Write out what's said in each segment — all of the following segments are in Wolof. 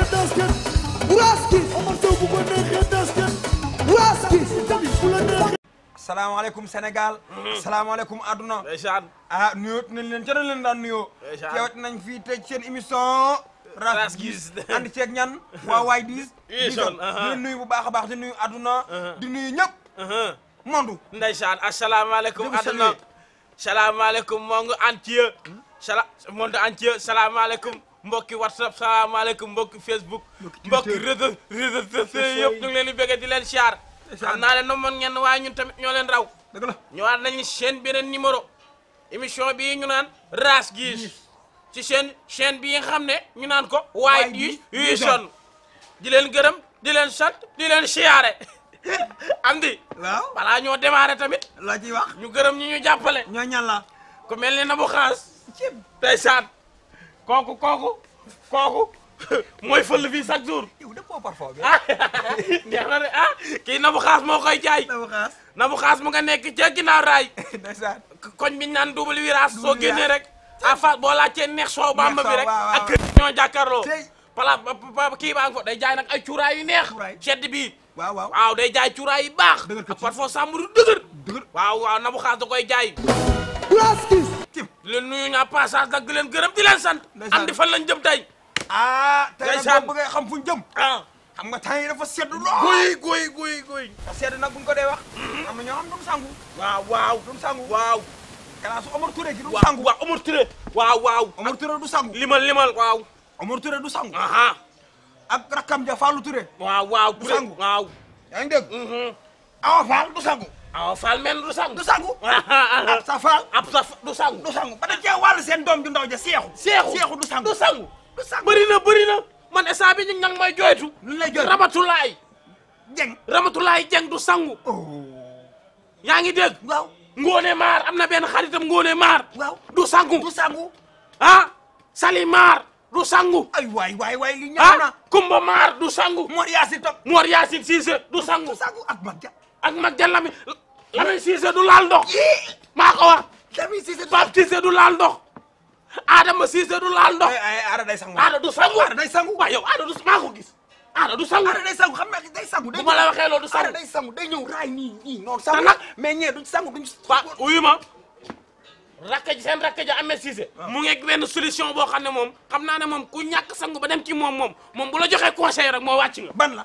neexee tas kenn Bouras salaamaaleykum Sénégal. Mhm. salaamaaleykum adduna. ndeysaan ah, nuyoo nañ leen ca nañ leen daan nuyoo. ndeysaan teewat nañ fii tëj seen émission. ras gis ànd ceeg ñan diis. émission di uh-huh. bu baax a baax di nuyu adduna. Uh-huh. di nuyu ñëpp. Uh-huh. monde. ndeysaan asalaamaaleykum adduna. salaamaaleykum moo ngi entier. Hmm? sala monde entier salaamaaleykum. mbokki whatsapp salaamaaleykum mbokki facebook mbokki réseau réseau sociaux yëpp ñu ngi leen di bëgg di leen siyaar xam naa leen na moon ngeen ñun tamit ñoo leen raw dëgg la ñëwaat nañu chaîne beneen numéro émission bii ñu naan ras gis ci chaîne bi bii xam ne ñu naan ko waaye gis di leen gërëm di leen sat di leen siyaare am di waaw balaa ñoo démarré tamit loo ciy wax ñu gërëm ñi ñu jàppale ñoo ñan mel ne na bu xaas day sant kooku kooku kooku mooy fël fii chaque jour. bi. Ah, neex na de ah kii Nabou Xaas moo koy jaay. Nabou Xaas Nabou mu nga nekk ca ginnaaw a ndeysaan koñ bi ñu naan double virage soo génnee rek. à face boo laajtee neex soow bamba bi rek. ak kër ñoo jàkkaarloo. voilà kii baa ngi fa day jaay nag ay cuuraay yu neex. sedd bi waaw waaw waaw day jaay cuuraay yu baax. dëgër parfois sàmm dëgër. waaw waaw Nabou Xaas da koy jaay. di leen nuyu ñaa passage nag di leen gërëm di leen sant. am di fan lañ jëm tey. ah tey nag boo bëggee xam fuñ jëm. ah xam nga temps yi dafa sedd lool. guy guy guy guy. te sedd nag buñ ko dee wax. Mm-hmm. am na ñoo xam duñ sangu. waaw waaw duñ sangu. waaw. kalaasu Omar Touré gi duñ sangu. waaw Omar Touré. waaw waaw. Omar Touré du sangu. limal limal waaw. Omar Touré du sangu. ak rakam ja Fallou Touré. waaw waaw du sangu. waaw yaa ngi dégg. Mm-hmm. Awa Fall du sangu. aw men du sangu du sangu ab sa faal ab sa du sangu du sangu ba da cee wàll seen doom ju ndaw ja seexu seexu seexu du sangu du sangu du sangu bëri na bëri na man instant eh, bi ñu ngi may jooytu lu lay jooytu ramatulaay jeng ramatulaay jeng du sangu oh. yaa ngi dégg waaw ngoone maar am na benn xaritam ngoone maar waaw du sangu du sangu ah sali maar du sangu ay waay waay waay li ñaaw na kumba mar du sangu moor yaasin top moor yaasin siise du sangu du sangu ak mag ak mag ja Lamine Lamine Cissé du laal ndox maa ko wax Lamine Cissé Pape Cissé du laal ndox Adama Cissé du laal ndox aada day sangu aada du sangu aada day sangu yow aada du maa ko gis aada du sangu aada sangu xam nga day sangu bu la waxee loolu du sangu day sangu day ñëw raay nii nii noonu sangu ñee duñ sangu duñ waa uyu ma rakk ji seen rakk ji ah. mu ngeeg benn solution boo xam ne moom xam naa ne moom ku ñàkk sangu ba dem ci moom moom moom bu la joxee conseil moo wàcc nga ban la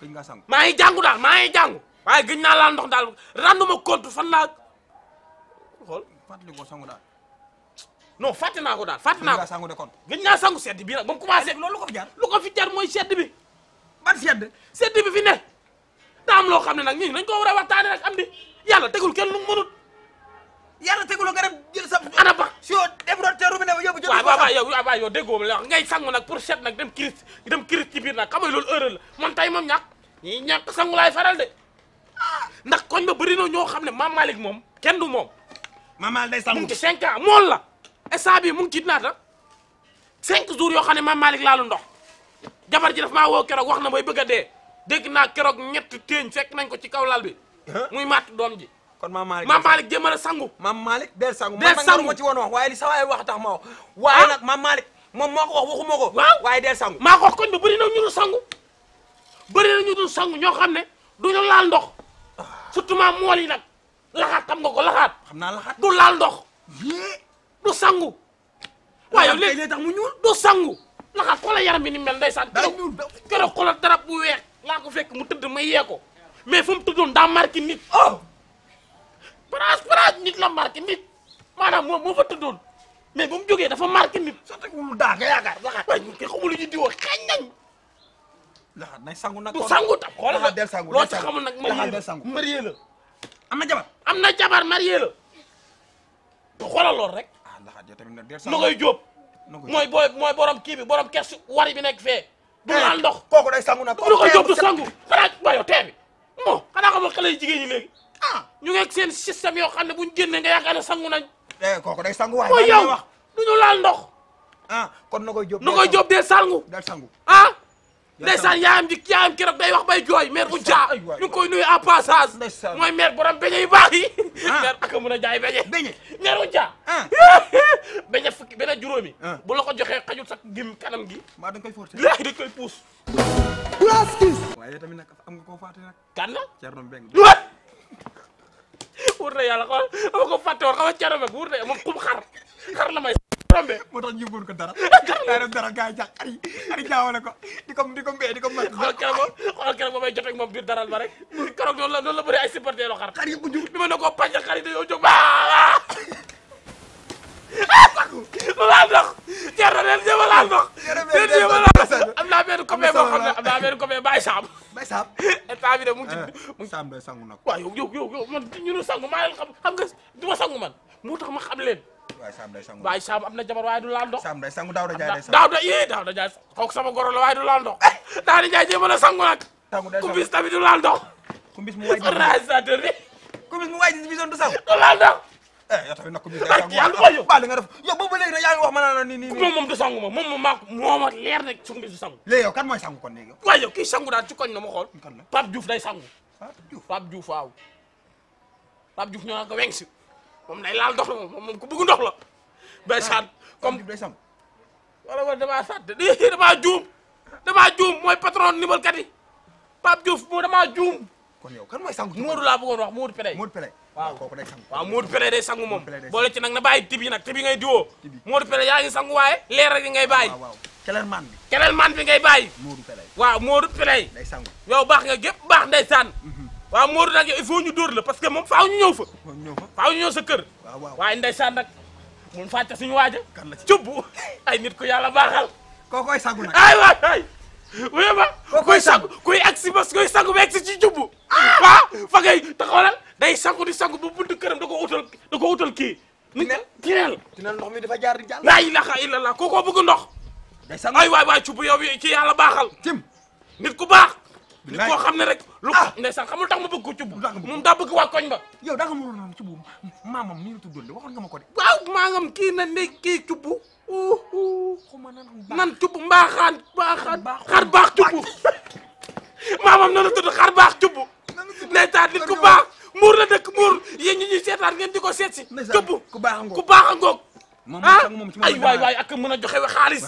gëj nga sangu maa ngi jàngu daal maa ngi jàngu waaye gëj naa laal ndox daal renduma compte fan laa xool fàttali ko sangu daal non fàtte naa ko daal fàtte naa ko gëj naa sangu de kon gëj naa sangu sedd bi nag ba mu commencé loolu fi jar mooy sedd bi ban sedd bi fi ne daa loo xam ne nag ñii dañ ko war a waxtaane di yàlla tegul kenn lu mu mënut yàlla tegul ana ba sio def root te robinet ba yóbbu jël waaw yow waaw yow déggoo la wax ngay sangu nag pour seet nag dem kiris dem kiris ci biir nag xam nga loolu erreur la man tey moom ñàkk ñii ñàkk sangu laay faral de ah, ndax koñ ba bëri na ñoo xam ne maam Malick moom kenn du moom Mame Malick day sangu mu cinq ans mool la instant bii mu ngi ci naata cinq jours yoo xam ne Mame Malick laalu ndox jabar ji daf maa woo keroog wax na bay bëgg a dee dégg naa keroog ñett téeñ fekk nañ ko ci kaw laal bi muy màtt doom ji kon maam Malick maam Malick jëmal a sangu maam Malick del sangu del sangu ma ci woon wax waaye li sa waay wax tax ma wax waaye ah? nag maam Malick moom moo ko wax waxuma ko waaw waaye del sangu maa ko koñ ba bëri na ñu dul sangu bëri na ñu dul sangu ñoo xam ne duñu laal ndox surtout maam mool yi nag laxaat xam nga ko laxaat xam naa laxaat du laal ndox du sangu waaye léegi tax mu ñuul du sangu laxaat xoola yaram bi ni mel ndeysaan keroog keroog xoola darab bu weex laa ko fekk mu ma mais nit oh! Prince Prince nit la marqué nit manam mo moo fa tudon mais bu mu jógee dafa marqué nit. sa tek mu da nga yaakar waxa ñu ñun xamul ñu di wax xeeñ nañ. la xat nay sangu nak du sangu tam xol la del sangu lo ci xamul nak nag. laxaat del sangu marié la amna jabar. amna jabar marié la. du xoolal lool rek. ah laxaat yow tamit nag del sangu. nogoy job moy boy moy borom ki bi borom kess wari bi nek fe du eh, la ndox koku day sangu nak kooku ko job du sangu. xanaa waaye tee bi. bon xanaa xam nga xale yu jigéen ñu ngi ak seen système yo xamne buñu buñ nga yaakaar ne sangu nañ eh koku day sangu way mooy wax duñu laal ndox ah kon na koy jóob na koy jóob dee sangu dal sangu ah ndeysaan yaayam ji yaayam keroog day wax bay joy mère bu ja ñu koy nuyu en passage moy mère borom beñe yu baax yi ah. mère ak mën a jaay beñe beñe mère bu ja ah beñe fukki benn juróomi ah. bu la ko joxee xajul sax gim kanam gi ma dang koy forcer lay dañ koy pousse plastis waaye tamit nag am nga koo faate nag kan la Thierno Mbengue wóor na yàlla xool dama ko fàtte woon xaw ma cere wóor na moom xum xar xar la may tombé moo tax ñu buur ko dara daa def dara gars yi jax xar yi xar yi jaawale ko di ko di ko mbee di ko mbee xool keroog moom xool keroog moom may jotee ak moom biir daral ba rek keroog noonu la noonu la bëri ay supporter xar xar yi bu jug bi ma ne koo pàcc xar yi dañoo jóg baa ah, ah. ma laal ndox cere na leen jéem a laal ndox leen jéem a laal am naa benn copain boo xam ne am naa benn copain bàyyi saam koy saab. état bi de mu ngi eh, saab day sangu nag. waaw yow yow yow man ñu ne sangu maa leen xam xam nga du ma sangu man moo tax ma xam leen. waaye Sam day sangu waaye waaye du laal ndox. daaw da jaay daaw da yee daaw da jaay goro la waaye du laal ndox. daaw da jaay jéem a la sangu nag. kumbis tamit du laal ndox. kumbis mu waay ji bi kumbis mu waay ji bi du sangu. du laal ndox. Eh, yow tamit nag li nga def yow boobu léegi nag yaa ngi wax ma naan nii nii moom moom sangu ma moom moom maa mooma leer rek sung bi du sangu léegi kan mooy sangu kon léegi yow waaye kii sangu daal ci koñ na ma xool Pape Diouf day sangu Pape Diouf waaw Pape Diouf ñoo ko weng si moom day laal ndox la moom ku bëgg ndox la bay ah, saat comme day sangu wala wala damaa fàtte damaa juum damaa juum mooy patron nimal kat yi Pape Diouf moo kon yow kan mooy sangu. Moodu laa bëggoon wax Moodu Pelé. Moodu Pelé waaw kooku day sangu. waaw Moodu Pelé day sangu moom. boole ci nag na bàyyi tibi nag tibi ngay diwoo. tibi Moodu Pelé yaa ngi sangu waaye leer gi ngay bàyyi. waaw kelerman bi. ngay bàyyi. Moodu Pelé waaw Moodu Pelé. day sangu nga gépp baax ndeysaan. Mhm. waaw Moodu nag il faut ñu dóor la parce que moom faaw ñu ñëw fa. faaw ñu ñëw fa faaw ñu ñëw sa kër. waaw waaw waaye ndeysaan nag mun fàtte suñu waaja. kan la ci ay nit ku yàlla baaxal. kookooy sangu nag ay waay vraiment kuy sangu kuy àgg si bas kuy sangu ba àgg si ci jubbu. ah fa ngay day sangu di sangu ba buntu këram da utal da ko utal ki tineel tineel tineel ndox mi dafa jaar di jàll. laa ilaha illallah kookoo bëgg ndox. day sangu ay waay waay cubb yow kii yàlla baaxal. tim nit ku baax. li koo xam ne rek lu ah! ndeysaan xamul tax ma bëgg ko cubu moom daa bëgg waa koñ ba yow daa nga mënoon noonu cubu maamam nii la tuddoon de waxoon nga ma ko de waaw maamam kii na ne kii cubu nan cubu mbaaxaan mbaaxaan xar baax cubu maamam noonu tudd xar baax cubu ndeysaan nit ku baax muur la dëkk muur yéen ñi ñuy seetaan ngeen di ko seet si cubu ku baax a ngoog ah ay waay waay ak mën a joxe xaalis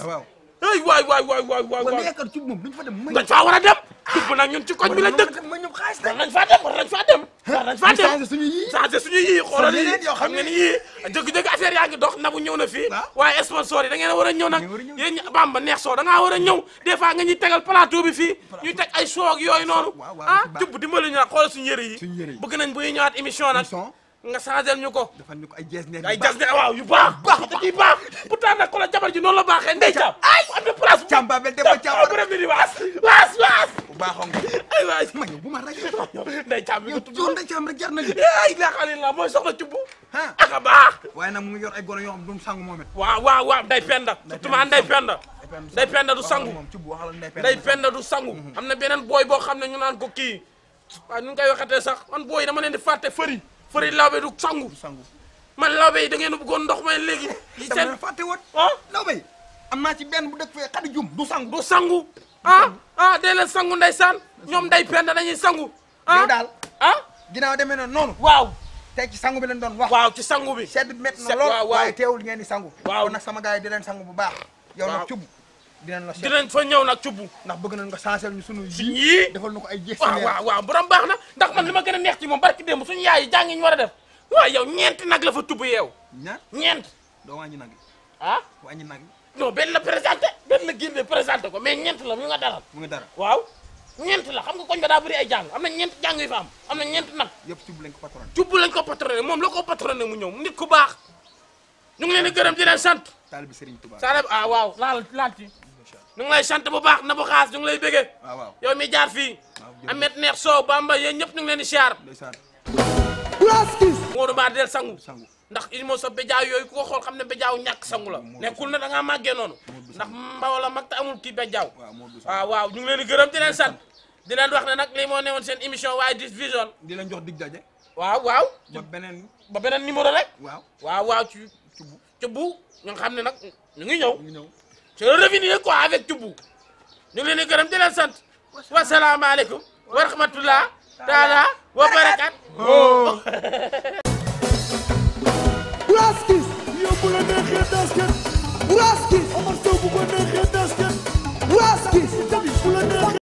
ay waay waay waay waay waay waay dañ faa war a dem dugg nag ñun ci koñ bi lañ dëkk war nañ faa dem war nañ faa dem war nañ faa dem changé suñu yii changé suñu yii xoolal yii xam ngeen yii dëgg-dëgg affaire yaa ngi dox nabu ñëw na fii waaye sponsor yi da ngeen a a ñëw nag yéen bamba neex soo da ngaa a ñëw des fois nga ñuy tegal plateau bi fii ñuy teg ay show ak yooyu noonu ah jubb dimbali ñu nag xoolal suñu yëre yi bëgg nañ bu ñuy ñëwaat émission nag nga changel ñu ko. defal ñu ko ay jees neen ay yu baax. baax baax pourtant nag ko la jabar ji noonu la baaxee ndey caam. ay am na bu caam baabel dem ba caam bu rëb di waas waas waas. bu baaxoon nga ay waay ma ñëw bu ma mooy soxla ci bu. ak a baax. waaye nag mu ngi yor ay golo yoo xam duñ sangu moom it. waaw waaw waaw ndey penda surtout maa ndey penda. ndey penda du sangu penda du sangu am na beneen booy boo xam ne ñu naan ko kii waaw ñu ngi koy waxatee sax man booy dama leen di fàtte fëri pare lawbe du sangu sangu man lawbe yi da ngeen bëggoon ndox may léegi li seen fàtte woon ah lawbe yi am naa ci ben bu dëkk fee xadi jum du sangu du sangu a ah, ah dee leen sangu ndeysaan ñoom day pend dañuy sangu a ah? yow daal ah ginnaaw demee noonu noonu waaw tey ci sangu bi leen doon wax waaw ci sangu bi sedd bi métti na lool waaye teewul ngeen di sangu waaw na sama gars yi di sangu bu baax yow nag cubu dinañ la dinañ fa ñëw nag cubb ndax bëgg nañ nga sansel ñu sunu yii defal na ko ay jeex waaw waaw waaw borom baax na ndax man li ma gën a neex ci moom barki démb suñu yaay yi jàngi ñu war a def waaw yow ñeenti nag la fa cubb yeew ñaar ñeent doo wàññi nag ah wàññi nag non benn la présenté benn la génne présenté ko mais ñeent la mu nga daral mu nga daral waaw ñeent la xam nga koñ ba daa bëri ay jàng am na ñeent jàng yu fa am am na ñeent nag yëpp cubb lañ ko patronné cubb lañ ko patronné moom la ko patronné mu ñëw nit ku baax ñu ngi leen di gërëm di leen sant. taalibe Serigne Touba Salab ah waaw laal laal ci. sant bu baax na bu xaas ñu ngi lay bëggee. Ah, waaw jaar fii. amet neex soow bamba ñëpp ñu ngi leen di siyaar. Modou Ba del sangu. ndax il moo sa béjaaw yooyu ko xool xam ne béjaaw ñàkk sangu la nekkul na da ngaa màggee noonu ndax mbaw la mag te amul kii béjaaw waaw ah, waaw ñu ngi leen di gërëm di leen sant di ne nag lii moo newoon seen émission waaye Dix di leen jox dig daje waaw waaw ba beneen ba beneen numéro rek waaw waaw waaw cubbu yang xam nak nag ñu ngi ñëw ci le revenir quoi avec cubbu ñu ngi leen gërëm di leen wa rahmatullah taala wa barakat la tasket Raskis bu ko tasket Raskis bu la